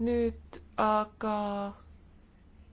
nüüd aga